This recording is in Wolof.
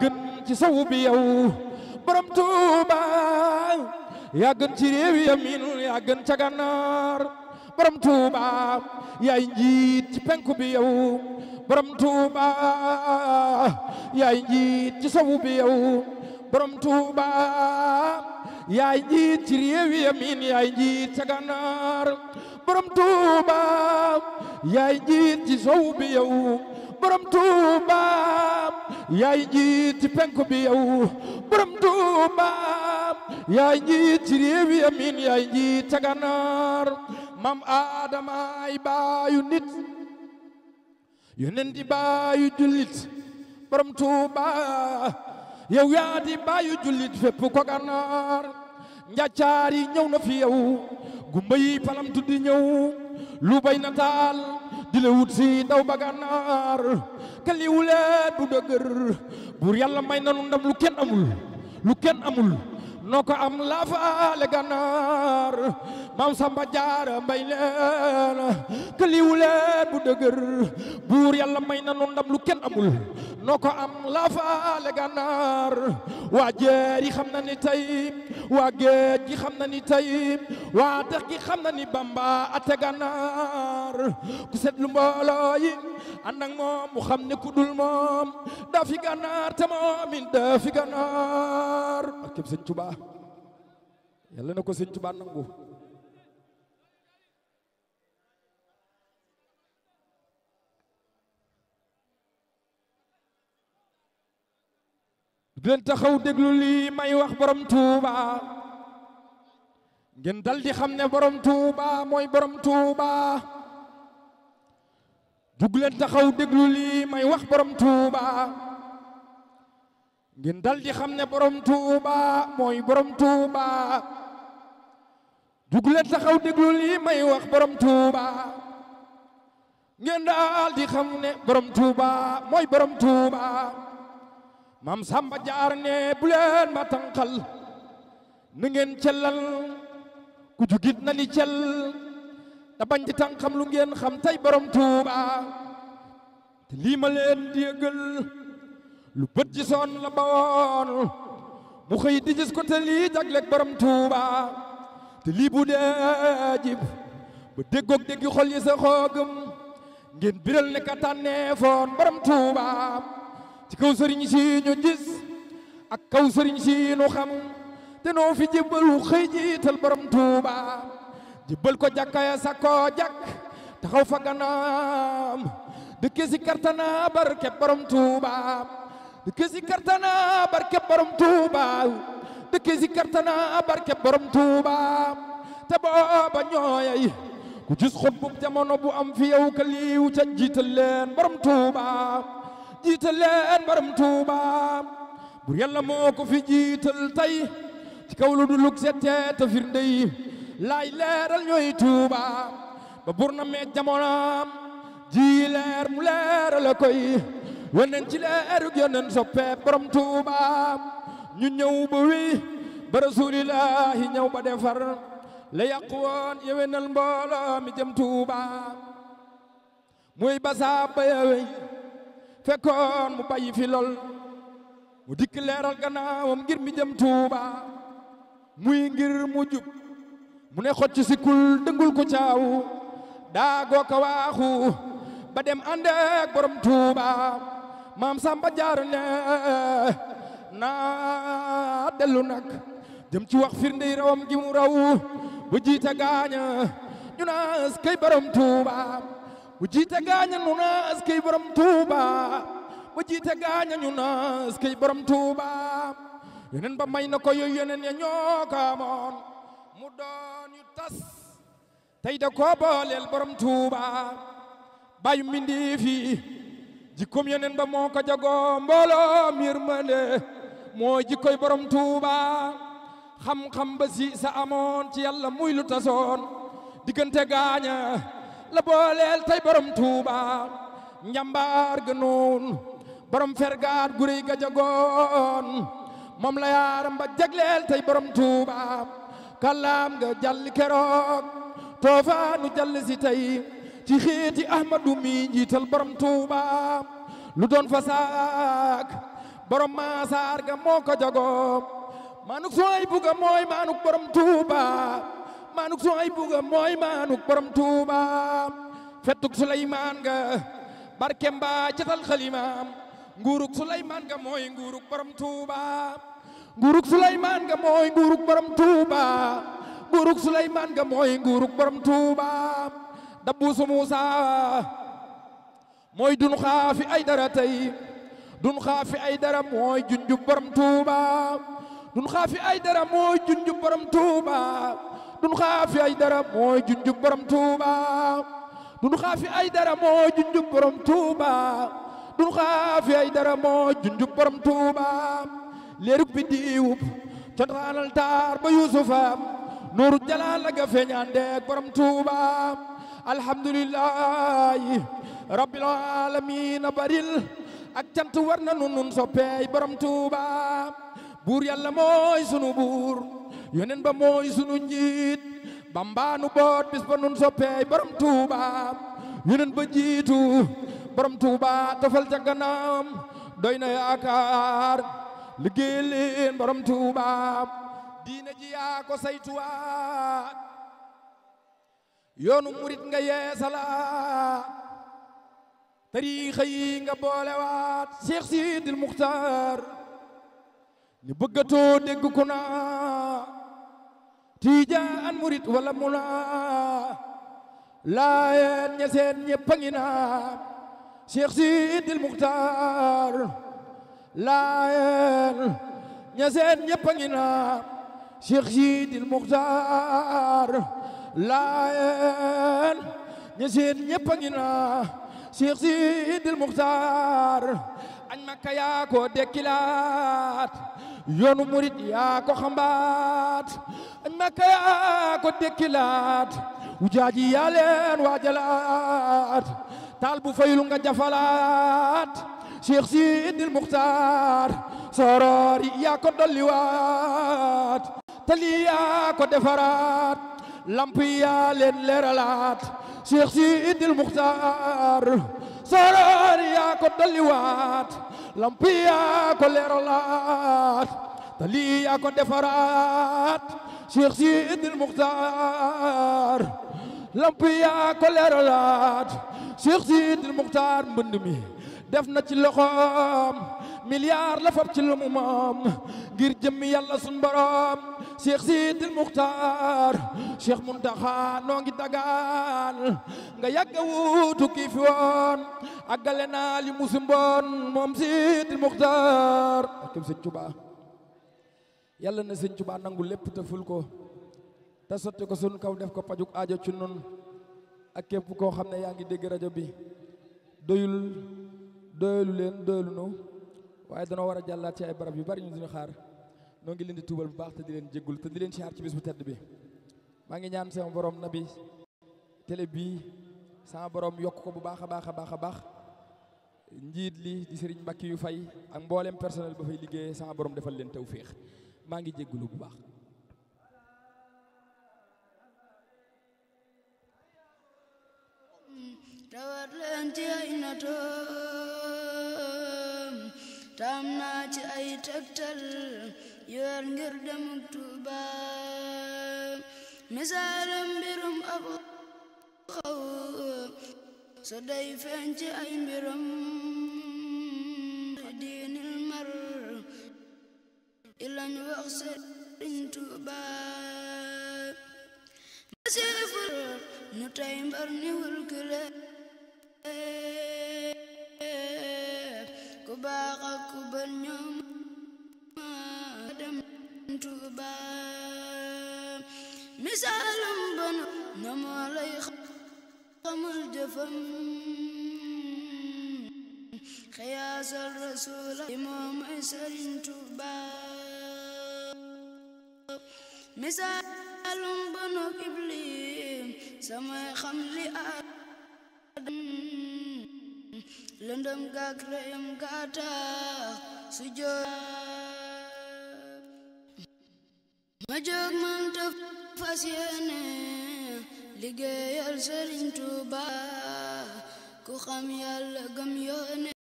gën ci saw bi yow borom Touba yaa yaay njiit ci penku bi yow borom yaay njiit ci saw bi yow borom yaay njiit ci penku bi yow borom Tuuba yaay njiit ci réew yi amiin yaay njiit ca maam Aadama baayu nit yonent yi baayu jullit borom Tuuba yow yaa baayu jullit fépp ko Gànnaar njàccaar na fi yow gumba yi palam tuddi ñëw lu di la si daw ba gànnaar kaliwulee du dëgër buur yàlla may nanu ndam lu ken amul lu kenn amul noo ko am laafaale gànnaar maam Samba Jaara mbay leen kaliwuleen bu dëgër buur yàlla may nanu ndam lu kenn amul noo ko am laafaale gànnaar waa jeer yi xam na ni tey waa géej gi xam na ni tey waa dex gi xam na ni bamba ate gànnaar ku seetlu mbooloo yi ànd ak moom mu xam ne ku dul moom daa gànnaar te moom it gànnaar ak képp sëñ Tuba yàlla na ko sëñ Tuba nangu du leen taxaw déglu lii may wax borom Tuuba ngeen dal di xam ne borom Touba mooy borom Touba dugg leen taxaw déglu lii may wax borom Touba ngeen dal di xam ne borom Touba mooy borom Touba dugg leen taxaw déglu lii may wax borom Touba. ngeen daal di xam ne borom Touba mooy borom Touba maam Samba jaar ne bu leen ma tànqal na ngeen cellal ku jugit na ni cel te bañ di tàng xam lu ngeen xam tey borom tuuba te lii ma leen di yëgal lu bët ji soon la bawoon mu xëy di gis ko te lii jagleeg borom tuuba te lii bu dee jib ba déggoog déggi xol yi sa xoogam ngeen biral ne ka tànneefoon borom tuuba ci kaw sëriñ si ñu gis ak kaw sëriñ si xam danoo fi jébbalu xëy jiital borom Touba jébbal ko jàkka ya sa koo taxaw fa ganaam dëkke si kartana barke borom Touba dëkke si kartana barke borom Touba dëkke si kartana barke borom Touba te ñooyay ku gis xutbub jamono bu am fi yow ka ca jiital leen borom Touba jiital leen borom Touba bur yàlla moo ko fi jiital tey kaw lu du lug sete te firnde yi laay leeral ñooy tuuba ba bur na mee leer mu leerale koy wenen ci leerug yonen soppe borom tuuba ñu ñëw ba wi ba rasulillahi ñëw ba defar la yàq woon yewenal mbooloo mi jëm tuuba muy basaa ba yewey fekkoon mu bàyyi fi mu dikk leeral gannaawam ngir mi jëm tuuba muy ngir mu jub mu ne xot ci sikkul dëngul ku caaw daa gooka waaxu ba dem ànd borom tuuba maam samba jaar ne naa dellu nag jëm ci wax firndey rawam gi mu raw bu jiite gaaña ñu naas kay borom tuuba bu jiite gaaña ñu naas kay borom tuuba yeneen ba may na ko yooyu yeneen ya ñoo ko amoon mu doon yu tas tey da koo booleel borom tuuba bàyyu mbindéef yi jikkoom yeneen ba moo ko jagoo mbooloo mirmande moo jikkoy borom tuuba xam-xam ba si amoon ci yàlla muy lu tasoon diggante gaaña la booleel tey borom tuuba njambaar ga noon borom fergaat gurey ga moom la yaaram ba jagleel tey borom Touba kàllaam nga jàll keroog toofaanu jàll si tey ci xeeti Ahmadu mi njiital borom Touba lu doon fa borom maasaar ga moo ko jagoo maanuk sooy buga buga mooy maanuk borom Touba fettuk Suleymaan nga barke mbaa xalimaam nguurug Suleymaan nga mooy nguurug borom Tuuba nguurug Suleymaan nga mooy nguurug borom Tuuba nguurug Suleymaan nga mooy nguurug borom Tuuba dabbuusu Muusa mooy dun xaafi ay dara tey dun xaafi ay dara mooy junjub borom Tuuba dun xaafi ay dara mooy junjub borom Tuuba dun xaafi ay dara mooy junjub borom Tuuba dun xaafi ay dara mooy junjub borom Tuuba abdul xaafi dara moo junjub borom tuuba leerug bi diwub cotaanal taar ba yuusufa nuuru jalaal la ga feeñaandeeg borom tuuba alhamdulillahi rabbil aalamiin baril ak cant war na nun nun soppeey borom tuuba buur yàlla mooy sunu buur yonen ba mooy sunu njiit bambaanu boot bis borom tuuba yonen ba jiitu borom Touba tafal ca gannaawam doy na yaakaar liggéey leen borom Touba diine ji yaa ko saytuwaat yoonu murit nga yeesalaat tariixa yi nga boolewaat Cheikh Sidil Muxtaar ni bëggatoo dégg ku naa tiijaan murit wala mu naa laayeen ña seen ñëpp a ngi naa Cheikh Sidil Muxtaar Laayeen ñaseen ñëpp a ngi naan Cheikh Sidil Muxtaar Laayeen ñaseen ñëpp a ngi naan Cheikh Sidil Muxtaar añ Makka yaa ko dekkilaat yoonu murit yaa xambaat añ Makka yaa ko dekkilaat wujaaji yaa leen waajalaat taal bu fayul nga jafalaat Cheikh Sidil Muxtaar soroor yi yaa ko dolliwaat tali yaa ko defaraat lamp yaa leen leeralaat Cheikh Sidil Muxtaar soroor yi yaa ko dolliwaat lamp yaa ko leeralaat tali yaa ko defaraat Cheikh Sidil Muxtaar lamp yaa ko leeralaat Cheikh Sidil Muxtaar mbënd mi def na ci loxoom milliard la fab ci lu moom ngir jëmmi yàlla sun borom Cheikh Sidil Muxtaar Cheikh Muntaxa noo ngi dagaan nga yàgg a kii fi woon àggale naa li mu sumboon moom Sidil Muxtaar yàlla na sëñ Tuubaa nangu lépp te ful ko te sotti ko sun kaw def ko pajuk aajo ci ak képp ko xam ne yaa ngi dégg rajo bi doyul doyalu leen doyalu nu waaye danoo war a jàllaat ci ay barab yu bari ñu duñu xaar noo ngi leen di tuubal bu baax te di leen jéggul te di leen xaar ci bis bu tedd bi maa ngi ñaan sama boroom na bi télé bii sama borom yokk ko bu baax a baax a baax a baax njiit li di sëriñ Mbàkke yu fay ak mboolem personnel ba fay liggéeyee sama borom defal leen tawféex maa ngi jéggulu bu baax tawarlenti aynato tamnaci ay tektal yoer ngirdemuk tuba misalam birum abu aw so day fenci ay mbirum dinil mar ilan wax serin tuba masifur nu tay mbar niwulkile ku baax ak ku bon ñoom ma dem Tuuba misaalum bon na moo lay xamal jëfam xiyaasal rasuula moom ay Sëriñ Tuuba misaalum bon ak Iblis samay xam li aat lëndëm gaag rëyam gaata su jóg ma jóg man te liggéeyal Sëriñ Tuuba ku xam yàlla